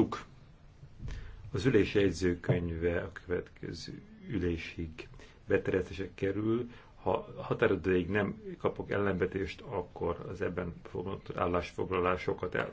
láttuk. Az ülés jegyzőkönyve a következő ülésig beterjesztések kerül. Ha határidőig nem kapok ellenvetést, akkor az ebben foglalt állásfoglalásokat el